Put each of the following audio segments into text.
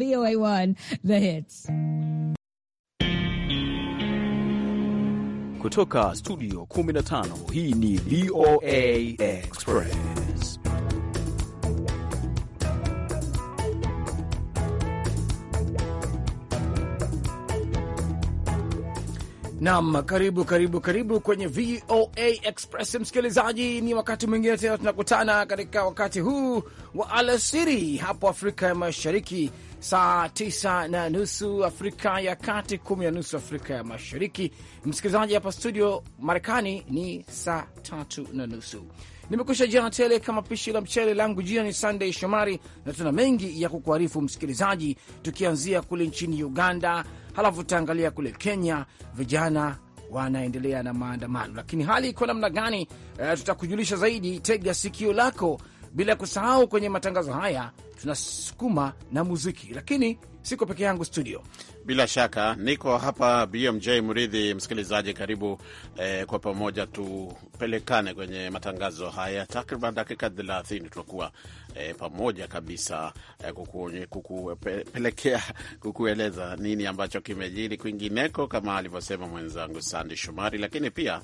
VOA1 The Hits. Kutoka studio 15 hii ni VOA Express. Nam, karibu karibu karibu kwenye VOA Express msikilizaji, ni wakati mwingine tena tunakutana katika wakati huu wa alasiri hapo Afrika ya Mashariki saa tisa na nusu Afrika ya Kati, kumi na nusu Afrika ya Mashariki. Msikilizaji hapa studio Marekani ni saa tatu na nusu. Nimekusha jana tele kama pishi la mchele langu. Jina ni Sunday Shomari na tuna mengi ya kukuarifu msikilizaji, tukianzia kule nchini Uganda, halafu tutaangalia kule Kenya, vijana wanaendelea na maandamano, lakini hali iko namna gani? Uh, tutakujulisha zaidi. Tega sikio lako bila kusahau kwenye matangazo haya tunasukuma na muziki, lakini siko peke yangu studio. Bila shaka niko hapa BMJ Mridhi. Msikilizaji, karibu eh, kwa pamoja tupelekane kwenye matangazo haya takriban dakika thelathini. Tutakuwa eh, pamoja kabisa eh, kukueleza kuku, kukueleza nini ambacho kimejiri kwingineko, kama alivyosema mwenzangu Sandi Shumari, lakini pia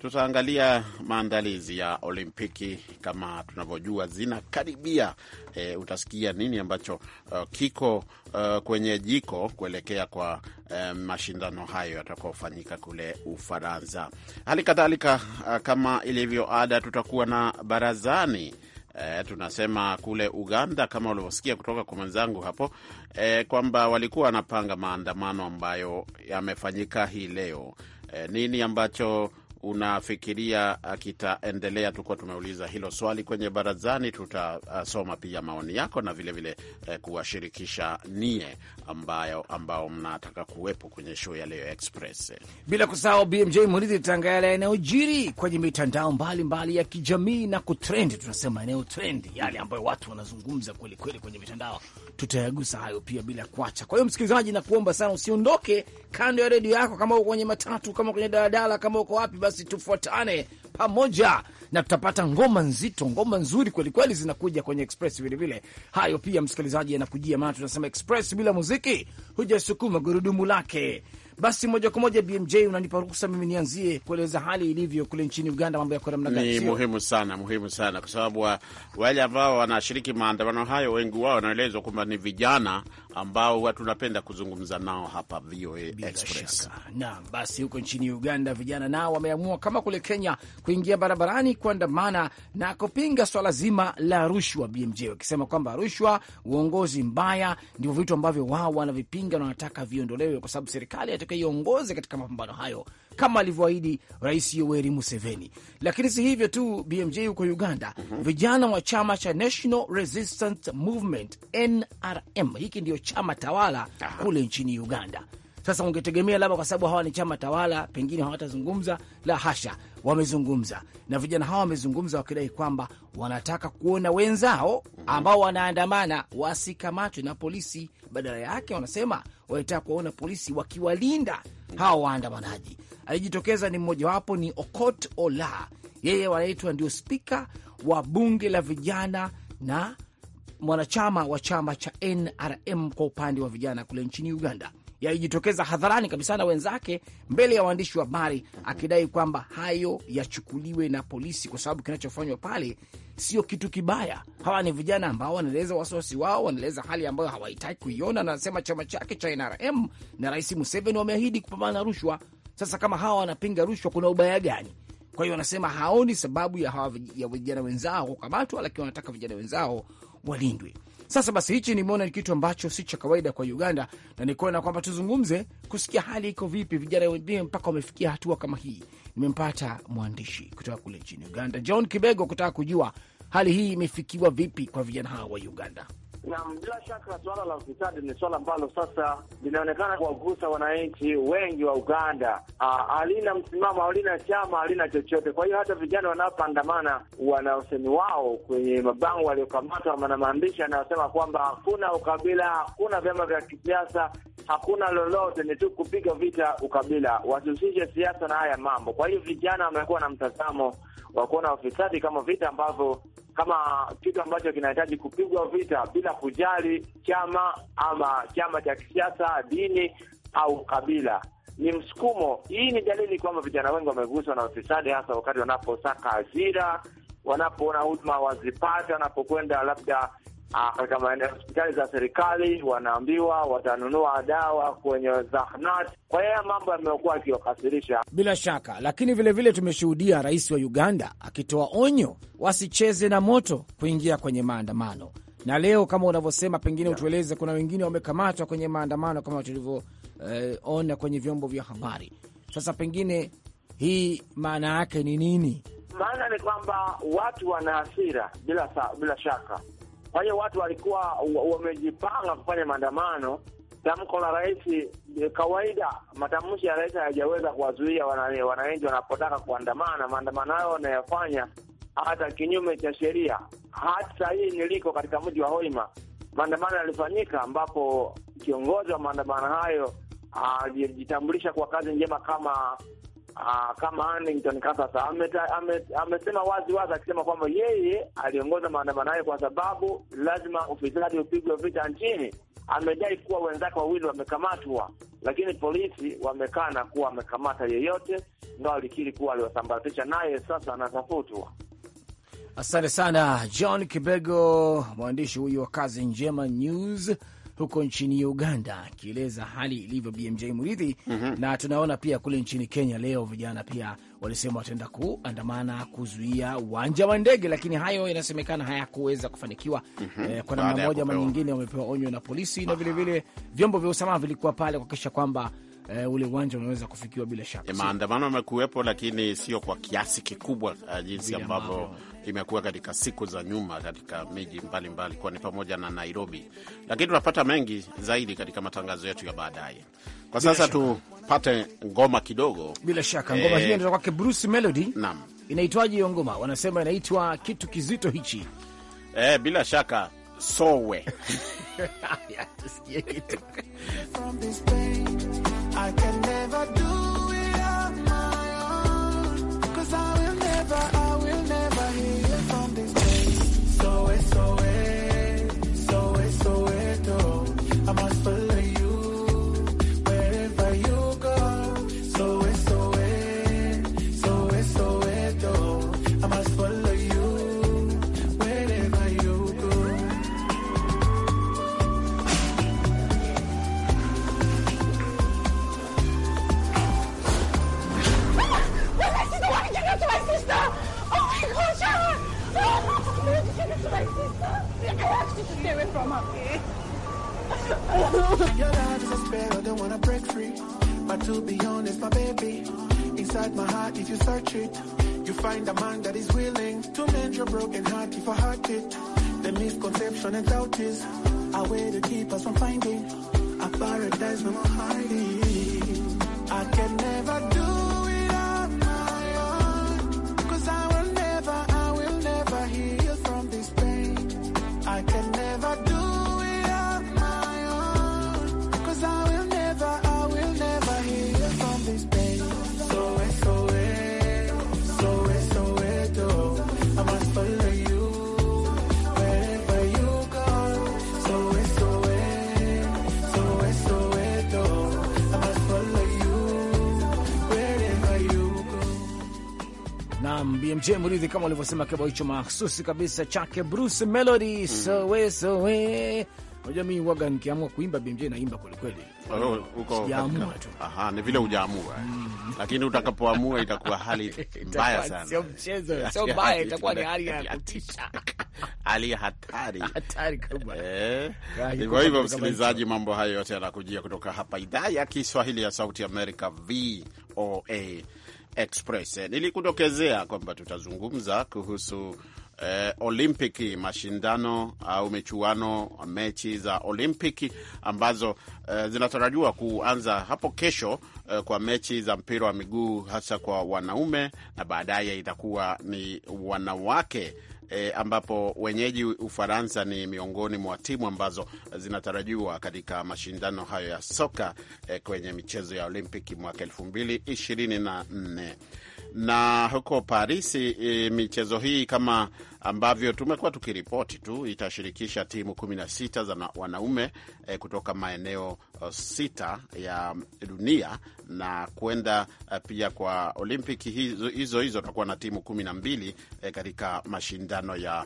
Tutaangalia maandalizi ya Olimpiki kama tunavyojua zinakaribia. E, utasikia nini ambacho uh, kiko uh, kwenye jiko kuelekea kwa uh, mashindano hayo yatakaofanyika kule Ufaransa. Hali kadhalika uh, kama ilivyo ada, tutakuwa na barazani. E, tunasema kule Uganda kama ulivyosikia kutoka kwa mwenzangu hapo e, kwamba walikuwa wanapanga maandamano ambayo yamefanyika hii leo. E, nini ambacho unafikiria kitaendelea? Tulikuwa tumeuliza hilo swali kwenye barazani. Tutasoma pia maoni yako na vilevile vile eh, kuwashirikisha nie ambayo, ambao mnataka kuwepo kwenye show ya leo Express, bila kusahau BMJ Murithi, tanga yale yanayojiri kwenye mitandao mbalimbali ya kijamii na kutrendi. Tunasema eneo trendi, yale ambayo watu wanazungumza kwelikweli kwenye mitandao, tutayagusa hayo pia bila kuacha. Kwa hiyo msikilizaji, nakuomba sana usiondoke kando ya redio yako, kama uko kwenye matatu, kama kwenye daladala, kama uko wapi basi basi tufuatane pamoja na tutapata ngoma nzito, ngoma nzuri kwelikweli zinakuja kwenye Express vilevile. Hayo pia msikilizaji anakujia, maana tunasema Express bila muziki hujasukuma gurudumu lake. Basi moja kwa moja, BMJ unanipa ruhusa mimi nianzie kueleza hali ilivyo kule nchini Uganda. Mambo yako namna gani? Ni muhimu sana, muhimu sana kwa sababu uh, wale ambao wanashiriki maandamano hayo wengi wao wanaelezwa kwamba ni vijana ambao tunapenda kuzungumza nao hapa VOA Express. Naam, basi huko nchini Uganda vijana nao wameamua kama kule Kenya kuingia barabarani kuandamana na kupinga swala zima la rushwa BMJ, wakisema kwamba rushwa, uongozi mbaya ndivyo vitu ambavyo wao wanavipinga na wanataka viondolewe, kwa sababu serikali atakayoongoza katika mapambano hayo kama alivyoahidi Rais Yoweri Museveni. Lakini si hivyo tu, BMJ huko Uganda, mm -hmm. vijana wa chama cha National Resistance Movement NRM, hiki ndiyo chama tawala kule nchini Uganda. Sasa ungetegemea labda kwa sababu hawa ni chama tawala, pengine hawatazungumza. La hasha, wamezungumza, na vijana hawa wamezungumza wakidai kwamba wanataka kuona wenzao ambao wanaandamana wasikamatwe na polisi. Badala yake wanasema wanataka kuwaona polisi wakiwalinda hawa waandamanaji alijitokeza ni mmojawapo ni Okot Ola, yeye wanaitwa ndio spika wa bunge la vijana na mwanachama wa chama cha NRM kwa upande wa vijana kule nchini Uganda. Yalijitokeza hadharani kabisa na wenzake mbele ya waandishi wa habari akidai kwamba hayo yachukuliwe na polisi, kwa sababu kinachofanywa pale sio kitu kibaya. Hawa ni vijana ambao wanaeleza wasiwasi wao, wanaeleza hali ambayo hawahitaki kuiona, na anasema chama chake cha NRM na Rais Museveni wameahidi kupambana na rushwa. Sasa kama hawa wanapinga rushwa, kuna ubaya gani? Kwa hiyo wanasema haoni sababu ya hawa vijana wenzao kukamatwa, lakini wanataka vijana wenzao walindwe. Sasa basi, hichi nimeona ni kitu ambacho si cha kawaida kwa Uganda, na nikuona kwamba tuzungumze kusikia hali iko vipi, vijana wengine mpaka wamefikia hatua kama hii. Nimempata mwandishi kutoka kule nchini Uganda, John Kibego, kutaka kujua hali hii imefikiwa vipi kwa vijana hawa wa Uganda. Naam, bila shaka suala la ufisadi ni suala ambalo sasa linaonekana kuwagusa wananchi wengi wa Uganda. Ah, halina msimamo, halina chama, halina chochote. Kwa hiyo hata vijana wanaopandamana wana usemi wao kwenye mabango waliokamatwa wana maandishi yanayosema kwamba hakuna ukabila, hakuna vyama vya kisiasa, hakuna lolote, ni tu kupiga vita ukabila, wasihusishe siasa na haya mambo. Kwa hiyo vijana wamekuwa na mtazamo wa kuona ufisadi kama vita ambavyo kama kitu ambacho kinahitaji kupigwa vita bila kujali chama ama chama cha kisiasa, dini au kabila. Ni msukumo. Hii ni dalili kwamba vijana wengi wameguswa na ufisadi, hasa wakati wanaposaka ajira, wanapoona huduma wazipata, wanapokwenda labda katika maeneo hospitali za serikali, wanaambiwa watanunua dawa kwenye zahanati. Kwa hiyo mambo yamekuwa akiwakasirisha bila shaka, lakini vilevile vile tumeshuhudia rais wa Uganda akitoa onyo wasicheze na moto kuingia kwenye maandamano, na leo kama unavyosema, pengine utueleze, kuna wengine wamekamatwa kwenye maandamano kama tulivyoona eh, kwenye vyombo vya habari. Sasa pengine hii maana yake ni nini? Maana ni kwamba watu wana hasira bila, bila shaka kwa hiyo watu walikuwa wamejipanga kufanya maandamano. Tamko la rais, eh, kawaida matamshi ya rais hayajaweza kuwazuia wananchi wanapotaka kuandamana. Maandamano hayo wanayofanya hata kinyume cha sheria. Hata hii niliko katika mji wa Hoima, maandamano yalifanyika ambapo kiongozi wa maandamano hayo ah, alijitambulisha kwa kazi njema kama Ah, kama Huntington kasasa amesema wazi wazi akisema kwamba yeye aliongoza maandamano hayo kwa sababu lazima ufisadi upigwe vita nchini. Amedai kuwa wenzake wawili wamekamatwa, lakini polisi wamekana kuwa wamekamata yeyote, ndo alikiri kuwa aliwasambaratisha, naye sasa anatafutwa. Asante sana John Kibego, mwandishi huyu wa Kazi Njema News huko nchini Uganda, akieleza hali ilivyo BMJ Muridhi. mm -hmm. Na tunaona pia kule nchini Kenya leo vijana pia walisema wataenda kuandamana kuzuia uwanja wa ndege, lakini hayo yanasemekana hayakuweza kufanikiwa. mm -hmm. Eh, kwa namna moja ama nyingine wamepewa onyo na polisi. Aha. na vilevile vyombo vya usalama vilikuwa pale kuhakikisha kwamba Uh, ule uwanja unaweza kufikiwa bila shaka. Eh, maandamano yamekuwepo, lakini sio kwa kiasi kikubwa uh, jinsi ambavyo imekuwa katika siku za nyuma katika miji mbalimbali, kwani pamoja na Nairobi, lakini tunapata mengi zaidi katika matangazo yetu ya baadaye. Kwa sasa tupate ngoma kidogo. Bila shaka ngoma hii eh, ndio kwake Bruce Melody. Naam, inaitwaje hiyo ngoma? Wanasema inaitwa kitu kizito hichi. E, bila shaka sowe BMJ Mridhi, kama ulivyosema, kibao hicho mahususi kabisa chake Bruce Melody. mm. sowe sowe Unajua mimi waga nikiamua kuimba BMJ naimba kwelikweli, oh, Sijaamua tu. Aha, ni vile ujaamua Mm. Lakini utakapoamua itakuwa hali mbaya sana. Sio mchezo, sio mbaya itakuwa ni hali ya kutisha. Hali hatari. Hatari kubwa. Eh? Hivyo hivyo, msikilizaji, mambo hayo yote yanakujia kutoka hapa idhaa ya Kiswahili ya Sauti ya Amerika VOA Express. Eh, nilikudokezea kwamba tutazungumza kuhusu eh, Olimpiki, mashindano au michuano, mechi za Olimpiki ambazo eh, zinatarajiwa kuanza hapo kesho eh, kwa mechi za mpira wa miguu hasa kwa wanaume na baadaye itakuwa ni wanawake e, ambapo wenyeji Ufaransa ni miongoni mwa timu ambazo zinatarajiwa katika mashindano hayo ya soka e, kwenye michezo ya Olimpiki mwaka elfu mbili ishirini na nne na huko Parisi e, michezo hii kama ambavyo tumekuwa tukiripoti tu itashirikisha timu kumi na sita za wanaume Eh, kutoka maeneo uh, sita ya um, dunia na kwenda uh, pia kwa Olimpiki hizo hizo, hizo takuwa na timu kumi na mbili eh, katika mashindano ya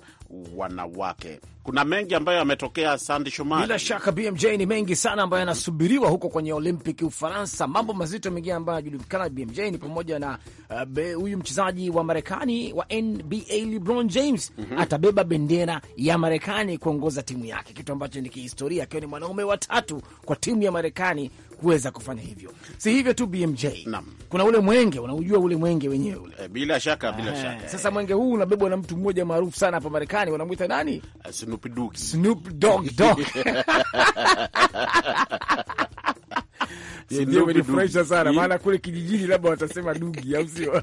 wanawake. Kuna mengi ambayo yametokea, Sandi Shomari. Bila shaka BMJ ni mengi sana ambayo yanasubiriwa huko kwenye Olimpiki Ufaransa. Mambo mazito mengine ambayo yanajulikana BMJ ni pamoja na uh, huyu uh, mchezaji wa Marekani wa NBA LeBron James mm -hmm. atabeba bendera ya Marekani kuongoza timu yake, kitu ambacho ni kihistoria, akiwa ni mwanaume wanaume watatu kwa timu ya Marekani kuweza kufanya hivyo. Si hivyo tu BMJ Nam. kuna ule mwenge unaujua ule mwenge wenyewe ule e, bila shaka, bila eh, shaka. Sasa mwenge huu unabebwa na mtu mmoja maarufu sana hapa Marekani, wanamwita nani? Eh, Snoop Dogg. Snoop Dogg Dogg Sindio, umenifurahisha sana, maana kule kijijini labda watasema dugi, au sio?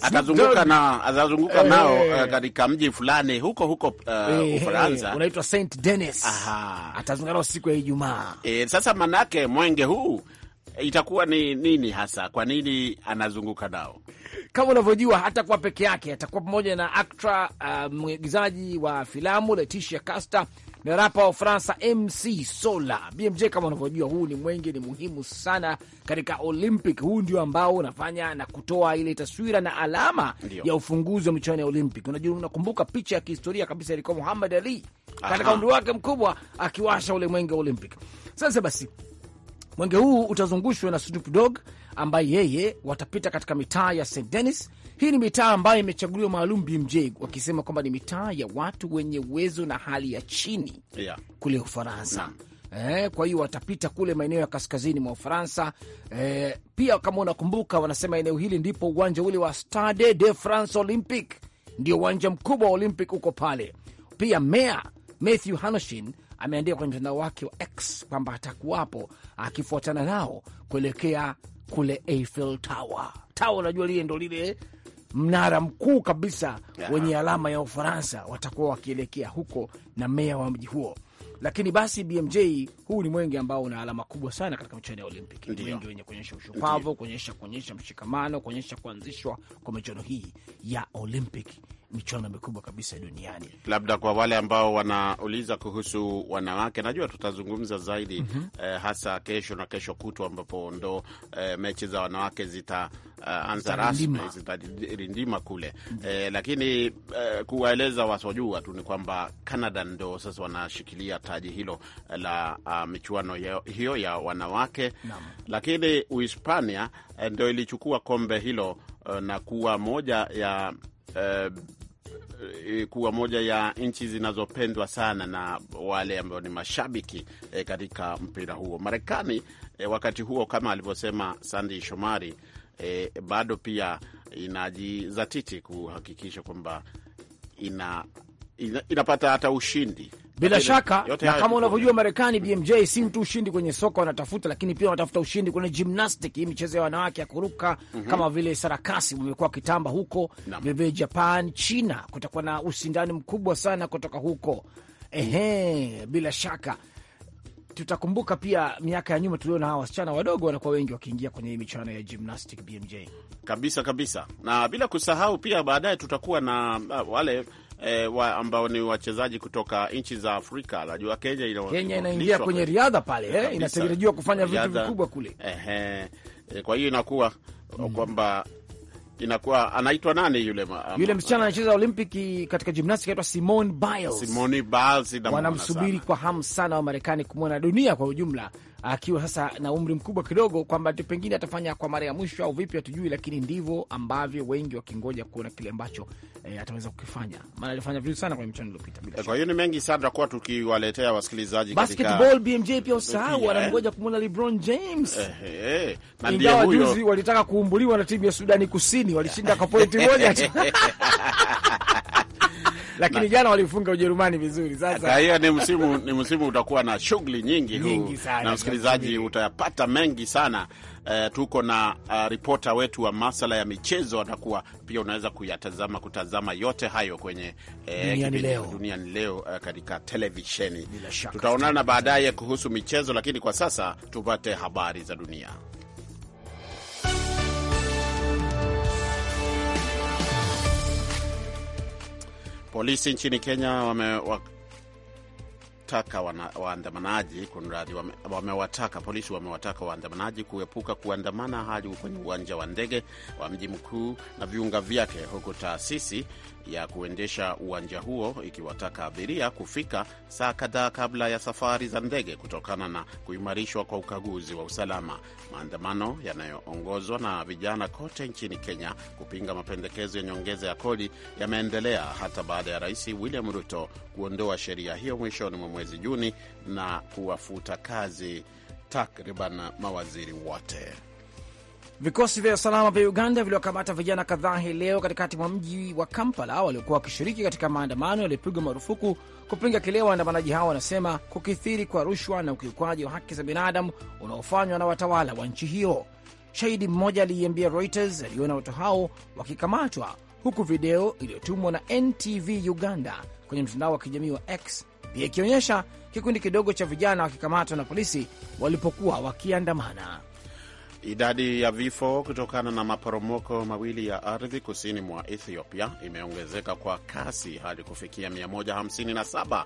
atazunguka na atazunguka hey, eh. nao eh, katika mji fulani huko huko uh, eh, hey, Ufaransa hey, unaitwa Saint Denis. Aha, atazunguka nao siku ya Ijumaa. E, sasa manake mwenge huu itakuwa ni nini hasa? Kwa nini anazunguka nao? Kama unavyojua, hatakuwa peke yake, atakuwa pamoja na aktra uh, mwigizaji wa filamu Leticia Casta na rapa wa Ufaransa MC Sola. BMJ, kama unavyojua, huu ni mwenge, ni muhimu sana katika Olympic. Huu ndio ambao unafanya na kutoa ile taswira na alama Ndiyo. ya ufunguzi wa michuano ya Olympic. Unajua, unakumbuka picha ya kihistoria kabisa ilikuwa Muhammad Ali katika umri wake mkubwa akiwasha ule mwenge wa Olympic. Sasa basi mwenge huu utazungushwa na Snoop Dogg ambaye yeye watapita katika mitaa ya St Denis hii ni mitaa ambayo imechaguliwa maalum, BMJ, wakisema kwamba ni mitaa ya watu wenye uwezo na hali ya chini yeah, kule Ufaransa mm. Eh, kwa hiyo watapita kule maeneo ya kaskazini mwa Ufaransa. Eh, pia kama unakumbuka, wanasema eneo hili ndipo uwanja ule wa Stade de France Olympic, ndio uwanja mkubwa wa Olympic huko pale. Pia meya Matthew Hanoshin ameandika kwenye mtandao wake wa X kwamba atakuwapo akifuatana nao kuelekea kule Eiffel Tower. Tower unajua lile ndo lile mnara mkuu kabisa yeah, wenye alama ya Ufaransa watakuwa wakielekea huko na meya wa mji huo. Lakini basi BMJ, huu ni mwenge ambao una alama kubwa sana katika michuano ya Olimpiki. Ni mwenge wenye kuonyesha ushupavu, kuonyesha kuonyesha mshikamano, kuonyesha kuanzishwa kwa michuano hii ya Olimpiki michuano mikubwa kabisa duniani. Labda kwa wale ambao wanauliza kuhusu wanawake, najua tutazungumza zaidi mm -hmm. eh, hasa kesho na kesho kutwa ambapo ndo eh, mechi za wanawake zitaanza eh, uh, rasmi zitarindima kule mm -hmm. eh, lakini eh, kuwaeleza wasojua tu ni kwamba Canada ndo sasa wanashikilia taji hilo la uh, michuano hiyo ya wanawake Nam. lakini Uhispania eh, ndo ilichukua kombe hilo eh, na kuwa moja ya uh, e, kuwa moja ya nchi zinazopendwa sana na wale ambao ni mashabiki e, katika mpira huo Marekani. E, wakati huo kama alivyosema Sandy Shomari e, bado pia inajizatiti kuhakikisha kwamba ina, ina, inapata hata ushindi bila Kapele, shaka na kama unavyojua Marekani BMJ si mtu ushindi kwenye soka wanatafuta, lakini pia wanatafuta ushindi kwenye gymnastic, hii michezo ya wanawake ya kuruka mm -hmm. kama vile sarakasi umekuwa kitamba huko vilevile, Japan, China, kutakuwa na ushindani mkubwa sana kutoka huko. Ehe, bila shaka tutakumbuka pia miaka ya nyuma tuliona hawa wasichana wadogo wanakuwa wengi wakiingia kwenye hii michuano ya gymnastic BMJ. Kabisa kabisa, na bila kusahau pia baadaye tutakuwa na uh, wale eh, wa, ambao ni wachezaji kutoka nchi za Afrika. Najua Kenya ina ina inaingia kwenye riadha pale eh, inatarajiwa kufanya vitu vikubwa kule eh, eh, kwa hiyo inakuwa mm, kwamba inakuwa anaitwa nani yule ma, yule msichana anacheza Olympic katika gymnastics anaitwa Simone Biles. Simone Biles wanamsubiri kwa hamu sana wa Marekani kumwona dunia kwa ujumla akiwa sasa na umri mkubwa kidogo, kwamba tu pengine atafanya kwa mara ya mwisho au vipi, hatujui, lakini ndivyo ambavyo wengi wakingoja kuona kile ambacho e, ataweza kukifanya, maana alifanya vizuri sana kwenye mchano uliopita. Bila shaka, Kwa hiyo ni mengi sana tutakuwa tukiwaletea wasikilizaji katika basketball BMJ. Pia usahau wanangoja kumwona LeBron James, eh, eh, na ndio juzi walitaka kuumbuliwa na timu ya Sudani Kusini, walishinda kwa pointi moja lakini jana walifunga Ujerumani vizuri. Sasa hiyo ni msimu, ni msimu utakuwa na shughuli nyingi, nyingi huu, na msikilizaji utayapata mengi sana. Uh, tuko na uh, ripota wetu wa masala ya michezo atakuwa pia, unaweza kuyatazama kutazama yote hayo kwenye uh, duniani leo uh, katika televisheni. Tutaonana baadaye kuhusu michezo, lakini kwa sasa tupate habari za dunia. Polisi nchini Kenya wame, wamewataka waandamanaji kunradi, wamewataka polisi wamewataka waandamanaji kuepuka kuandamana hadi kwenye uwanja wa ndege wa mji mkuu na viunga vyake, huku taasisi ya kuendesha uwanja huo ikiwataka abiria kufika saa kadhaa kabla ya safari za ndege kutokana na kuimarishwa kwa ukaguzi wa usalama. Maandamano yanayoongozwa na vijana kote nchini Kenya kupinga mapendekezo ya nyongeza ya kodi yameendelea hata baada ya Rais William Ruto kuondoa sheria hiyo mwishoni mwa mwezi Juni na kuwafuta kazi takriban mawaziri wote. Vikosi vya usalama vya Uganda viliwakamata vijana kadhaa hii leo katikati mwa mji wa Kampala waliokuwa wakishiriki katika maandamano yaliyopigwa marufuku kupinga kile waandamanaji hao wanasema kukithiri kwa rushwa na ukiukwaji wa haki za binadamu unaofanywa na watawala wa nchi hiyo. Shahidi mmoja aliiambia Reuters aliona watu hao wakikamatwa, huku video iliyotumwa na NTV Uganda kwenye mtandao wa kijamii wa X pia ikionyesha kikundi kidogo cha vijana wakikamatwa na polisi walipokuwa wakiandamana. Idadi ya vifo kutokana na maporomoko mawili ya ardhi kusini mwa Ethiopia imeongezeka kwa kasi hadi kufikia 157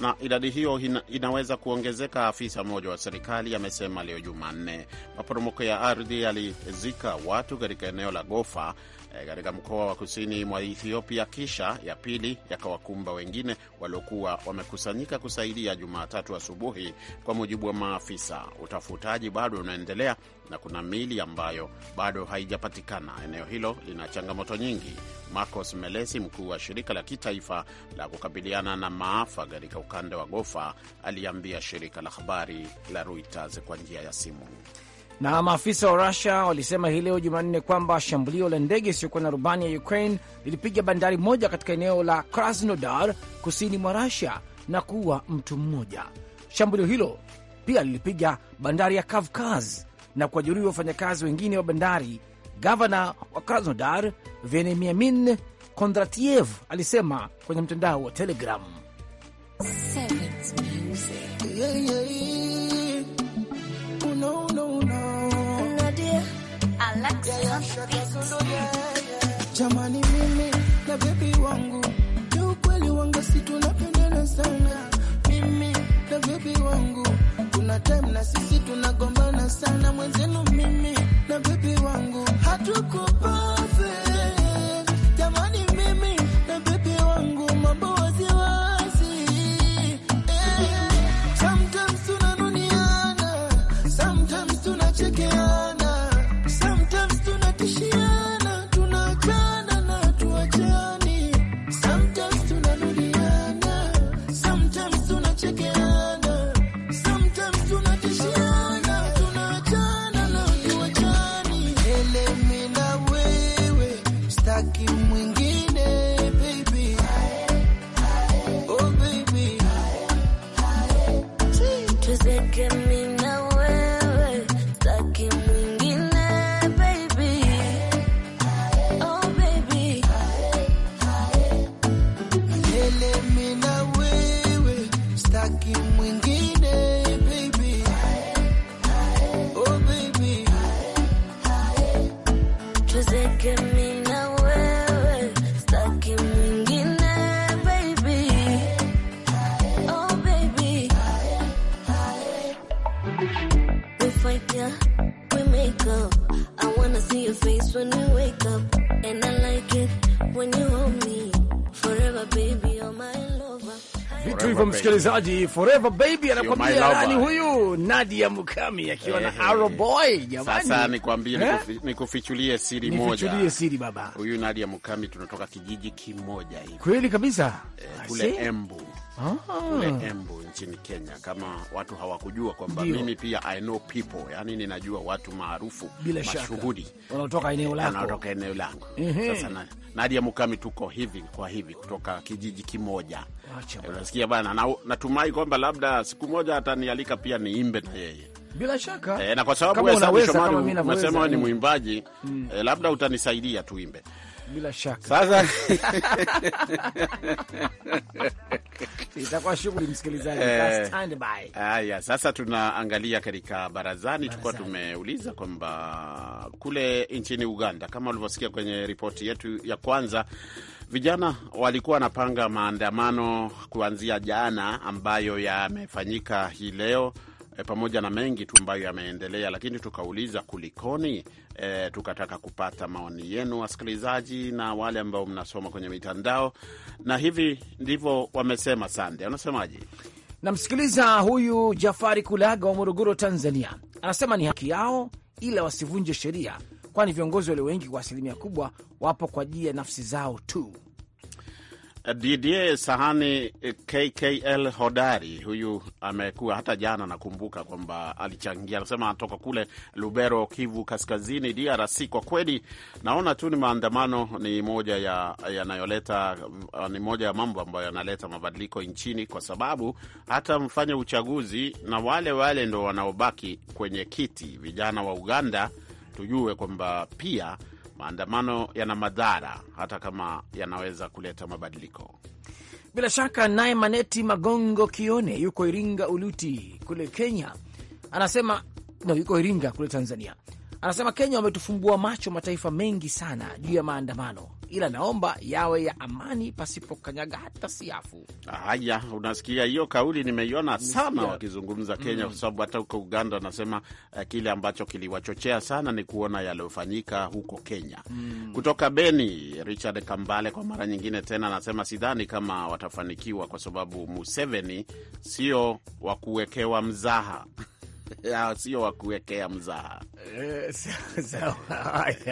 na idadi hiyo inaweza kuongezeka, afisa mmoja wa serikali amesema leo Jumanne. Maporomoko ya ardhi yalizika watu katika eneo la Gofa Eh, katika mkoa wa kusini mwa Ethiopia, kisha ya pili yakawakumba wengine waliokuwa wamekusanyika kusaidia Jumatatu asubuhi, kwa mujibu wa maafisa. Utafutaji bado unaendelea na kuna mili ambayo bado haijapatikana. Eneo hilo lina changamoto nyingi. Marcos Melesi, mkuu wa shirika la kitaifa la kukabiliana na maafa katika ukanda wa Gofa, aliambia shirika la habari la Reuters kwa njia ya simu. Na maafisa wa Rusia walisema hii leo Jumanne kwamba shambulio la ndege isiyokuwa na rubani ya Ukraine lilipiga bandari moja katika eneo la Krasnodar kusini mwa Rusia na kuua mtu mmoja. Shambulio hilo pia lilipiga bandari ya Kavkaz na kuwajeruhi wafanyakazi wengine wa bandari. Gavana wa Krasnodar Venemiamin Kondratiev alisema kwenye mtandao wa Telegram. Yaani mimi na bebi wangu ni ukweli wanga si tunapendana sana, mimi na bebi wangu kuna time na sisi tunagombana sana, mwenzenu mimi na bebi wangu hatuko hivyo msikilizaji, forever baby anakwambia nani huyu? Nadia Mukami akiwa na Arrow Boy. Jamani, sasa nikwambie, eh? nikufichulie siri moja, nikufichulie siri baba. Huyu Nadia Mukami tunatoka kijiji kimoja hivi, kweli kabisa, eh, kule Embu kule ah. Embu nchini Kenya. Kama watu hawakujua kwamba mimi pia I know people, yani ninajua watu maarufu mashuhuri wanaotoka eneo langu. Sasa na, Nadia Mukami, tuko hivi kwa hivi kutoka kijiji kimoja, eh, unasikia bana na, natumai kwamba labda siku moja atanialika pia niimbe na yeye bila shaka e, na kwa sababu Shomari umesema ni mwimbaji mm, e, labda utanisaidia tuimbe bila shaka sasa itakuwa shughuli msikilizaji. Eh, haya, sasa tunaangalia katika barazani, tukuwa tumeuliza kwamba kule nchini Uganda, kama ulivyosikia kwenye ripoti yetu ya kwanza, vijana walikuwa wanapanga maandamano kuanzia jana ambayo yamefanyika hii leo e, pamoja na mengi tu ambayo yameendelea, lakini tukauliza kulikoni. E, tukataka kupata maoni yenu wasikilizaji, na wale ambao mnasoma kwenye mitandao, na hivi ndivyo wamesema. Sande, unasemaje? Namsikiliza huyu Jafari Kulaga wa Morogoro, Tanzania, anasema ni haki yao, ila wasivunje sheria, kwani viongozi walio wengi kwa asilimia kubwa wapo kwa ajili ya nafsi zao tu. Didier Sahani KKL hodari huyu amekuwa hata jana, nakumbuka kwamba alichangia, anasema anatoka kule Lubero, Kivu Kaskazini, DRC. Kwa kweli naona tu ni maandamano ni moja ya yanayoleta ni moja ya mambo ambayo yanaleta mabadiliko nchini, kwa sababu hata mfanye uchaguzi na wale wale ndo wanaobaki kwenye kiti, vijana wa Uganda, tujue kwamba pia maandamano yana madhara hata kama yanaweza kuleta mabadiliko. Bila shaka. Naye Maneti Magongo Kione yuko Iringa Uluti kule Kenya anasema no, yuko Iringa kule Tanzania anasema Kenya wametufumbua macho mataifa mengi sana juu ya maandamano ila naomba yawe ya amani pasipo kanyaga hata siafu. Haya, unasikia hiyo kauli, nimeiona sana wakizungumza Kenya, kwa mm. sababu hata huko Uganda wanasema uh, kile ambacho kiliwachochea sana ni kuona yaliyofanyika huko Kenya. mm. Kutoka Beni, Richard Kambale kwa mara nyingine tena anasema sidhani kama watafanikiwa kwa sababu Museveni sio wa kuwekewa mzaha sio wa kuwekea mzaha. Eh,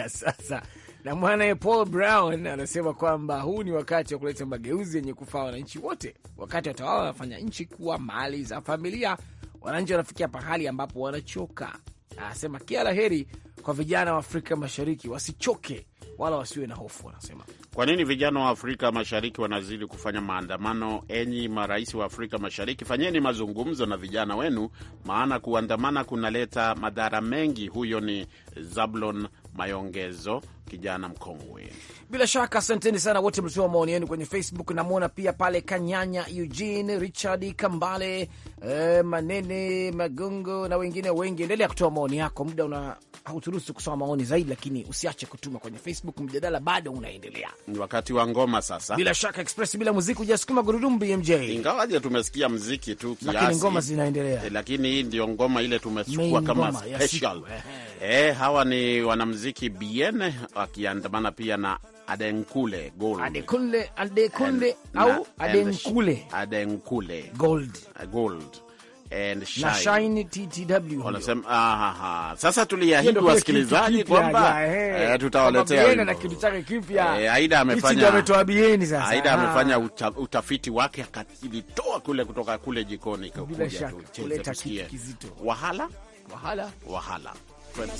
sasa na mwanaye Paul Brown anasema kwamba huu ni wakati wa kuleta mageuzi yenye kufaa wananchi wote, wakati watawala wanafanya nchi kuwa mali za familia, wananchi wanafikia pahali ambapo wanachoka. Anasema kila la heri kwa vijana wa Afrika Mashariki, wasichoke wala wasiwe na hofu. Wanasema kwa nini vijana wa Afrika Mashariki wanazidi kufanya maandamano? Enyi marais wa Afrika Mashariki, fanyeni mazungumzo na vijana wenu, maana kuandamana kunaleta madhara mengi. Huyo ni Zablon Mayongezo, kijana mkongwe. Bila shaka, asanteni sana wote mlitoa maoni yenu kwenye Facebook. Namwona pia pale Kanyanya Eugene, Richard Kambale, eh, Manene Magongo na wengine wengi. Endelea kutoa maoni yako, muda una hauturuhusu kusoma maoni zaidi, lakini usiache kutuma kwenye Facebook. Mjadala bado unaendelea, ni wakati wa ngoma sasa. Bila shaka Express bila muziki hujasukuma gurudumu BMJ, ingawaje tumesikia mziki tu kiasi, lakini ngoma zinaendelea. E, lakini hii ndio ngoma ile tumechukua kama special E, hawa ni wanamziki Bien wakiandamana pia na Adenkule Gold. Adenkule, and, au Adenkule. Adenkule Gold. Uh, Gold. And shine. Na shine TTW. Wanasema aha ah, Sasa tuliahidi wasikilizaji kwamba eh, eh tutawaletea na kitu chake kipya. Eh, Aida amefanya sasa. Aida ah. amefanya uta, utafiti wake akatoa kule kutoka kule jikoni kwa Wahala? Wahala. Wahala. Fred.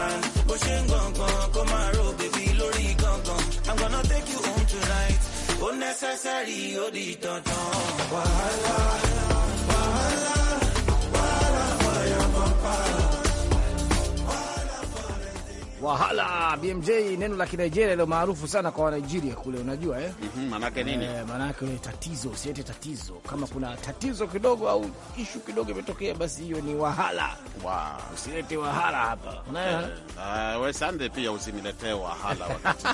man. I'm gonna take you home tonight. Ó Wahala BMJ, neno la Kinigeria lio maarufu sana kwa Wanigeria kule, unajua eh? mm -hmm, manake nini? Eh, manake tatizo usiete tatizo, kama kuna tatizo kidogo au ishu kidogo imetokea, basi hiyo ni wahala. Wow. Usilete wahala hapa eh, uh, we sande pia usiniletee wahala wakati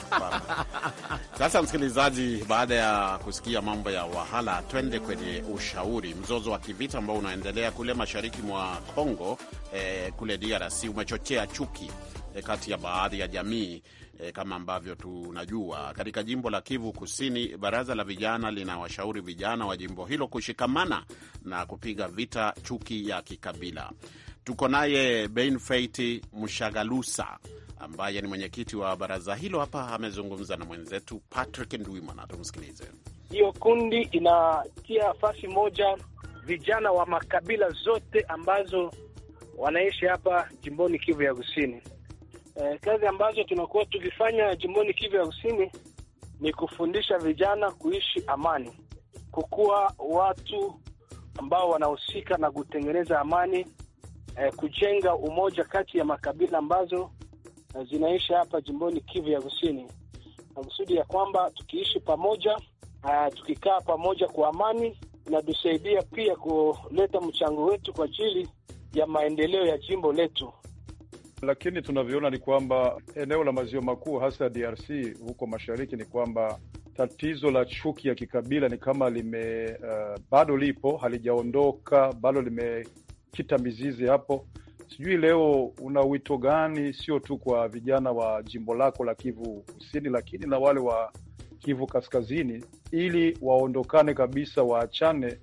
Sasa msikilizaji, baada ya kusikia mambo ya wahala, twende kwenye ushauri. Mzozo wa kivita ambao unaendelea kule mashariki mwa Congo, eh, kule DRC umechochea chuki Eh, kati ya baadhi ya jamii e, kama ambavyo tunajua, katika jimbo la Kivu Kusini, baraza la vijana linawashauri vijana wa jimbo hilo kushikamana na kupiga vita chuki ya kikabila. Tuko naye Benfeit Mshagalusa ambaye ni mwenyekiti wa baraza hilo hapa, amezungumza na mwenzetu Patrick Ndwimana. Tumsikilize. Hiyo kundi inatia fasi moja vijana wa makabila zote ambazo wanaishi hapa jimboni Kivu ya Kusini. Eh, kazi ambazo tunakuwa tukifanya jimboni Kivu ya Kusini ni kufundisha vijana kuishi amani, kukuwa watu ambao wanahusika na kutengeneza amani, eh, kujenga umoja kati ya makabila ambazo eh, zinaishi hapa jimboni Kivu ya Kusini, na kusudi ya kwamba tukiishi pamoja, eh, tukikaa pamoja kwa amani, inatusaidia pia kuleta mchango wetu kwa ajili ya maendeleo ya jimbo letu lakini tunavyoona ni kwamba eneo la maziwa makuu hasa DRC huko mashariki, ni kwamba tatizo la chuki ya kikabila ni kama lime uh, bado lipo, halijaondoka bado, limekita mizizi hapo. Sijui leo una wito gani, sio tu kwa vijana wa jimbo lako la Kivu Kusini, lakini na wale wa Kivu Kaskazini, ili waondokane kabisa, waachane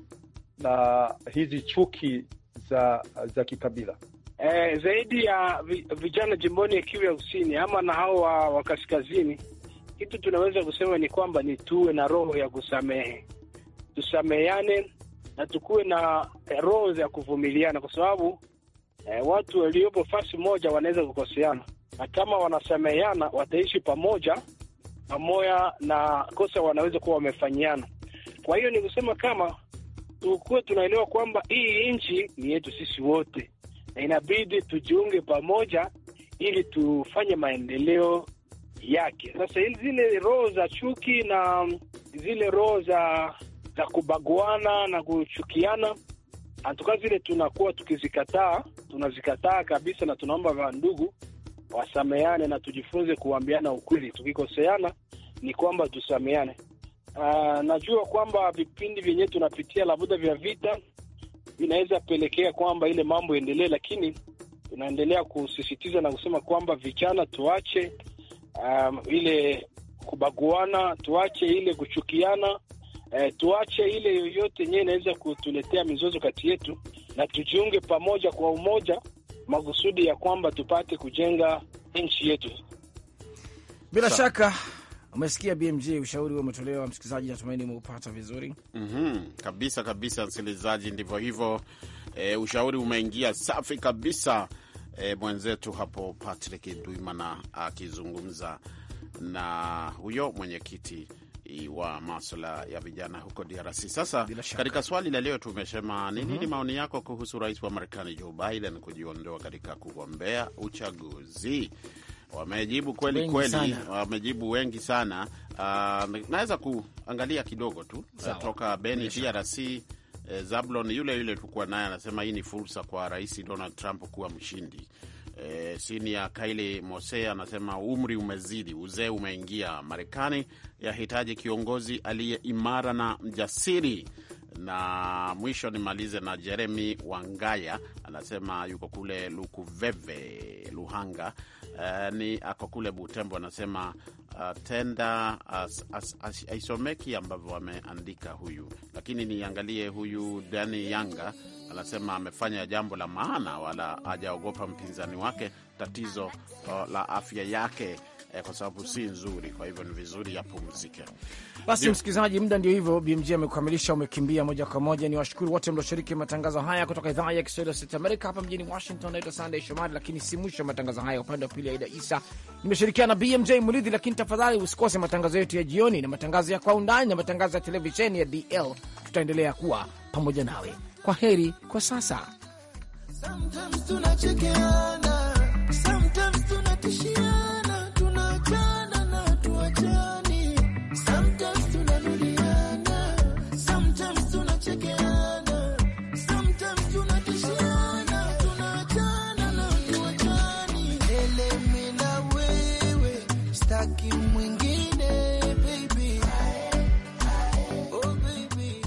na hizi chuki za, za kikabila eh, zaidi ya vijana jimboni ya Kivu ya kusini ama na hao wa kaskazini, kitu tunaweza kusema ni kwamba ni tuwe na roho ya kusamehe, tusameheane na tukuwe na eh, roho za kuvumiliana, kwa sababu eh, watu waliopo fasi moja wanaweza kukoseana, na kama wanasameheana wataishi pamoja pamoja na kosa wanaweza kuwa wamefanyiana. Kwa hiyo ni kusema kama tukuwe tunaelewa kwamba hii nchi ni yetu sisi wote na inabidi tujiunge pamoja ili tufanye maendeleo yake. Sasa zile roho za chuki na zile roho za za kubaguana na kuchukiana hatukaa zile tunakuwa tukizikataa, tunazikataa kabisa, na tunaomba va ndugu wasameane na tujifunze kuambiana ukweli. Tukikoseana ni kwamba tusameane. Uh, ah, najua kwamba vipindi vyenyewe tunapitia labuda vya vita inaweza pelekea kwamba ile mambo endelee, lakini tunaendelea kusisitiza na kusema kwamba vijana tuache um, ile kubaguana, tuache ile kuchukiana, eh, tuache ile yoyote yenyewe inaweza kutuletea mizozo kati yetu, na tujiunge pamoja kwa umoja, makusudi ya kwamba tupate kujenga nchi yetu bila shaka Umesikia BMJ, ushauri umetolewa msikilizaji, natumaini umeupata vizuri. mm -hmm. Kabisa kabisa, msikilizaji, ndivyo hivyo. E, ushauri umeingia safi kabisa. E, mwenzetu hapo Patrick Duimana akizungumza na huyo mwenyekiti wa maswala ya vijana huko DRC. Sasa katika swali la leo tumesema ni mhm. nini, mm -hmm. maoni yako kuhusu rais wa Marekani Joe Biden kujiondoa katika kugombea uchaguzi? Wamejibu kweli wengi kweli sana. Wamejibu wengi sana. Uh, naweza kuangalia kidogo tu toka Beni DRC. Uh, eh, Zablon yule yule tukuwa naye anasema hii ni fursa kwa Rais Donald Trump kuwa mshindi. sini eh, Sinia Kaili Mose anasema umri umezidi, uzee umeingia, Marekani yahitaji kiongozi aliye imara na mjasiri na mwisho nimalize na Jeremi Wangaya anasema yuko kule Lukuveve Luhanga, uh, ni ako kule Butembo, anasema uh, tenda haisomeki ambavyo ameandika huyu, lakini niangalie huyu Dani Yanga anasema amefanya jambo la maana, wala hajaogopa mpinzani wake, tatizo eh, la afya yake eh, kwa sababu si nzuri. Kwa hivyo ni vizuri yapumzike. Basi msikilizaji, muda ndio hivyo, BMJ amekukamilisha, umekimbia moja kwa moja. Ni washukuru wote mlioshiriki matangazo haya kutoka idhaa ya Kiswahili ya Sauti Amerika hapa mjini Washington. Naitwa Sandey Shomari, lakini si mwisho matangazo haya. Upande wa pili, Aida Isa, nimeshirikiana na BMJ Mridhi, Lakini tafadhali usikose matangazo yetu ya jioni na matangazo ya kwa undani na matangazo ya televisheni ya DL. Tutaendelea kuwa pamoja nawe. Kwa heri kwa sasa.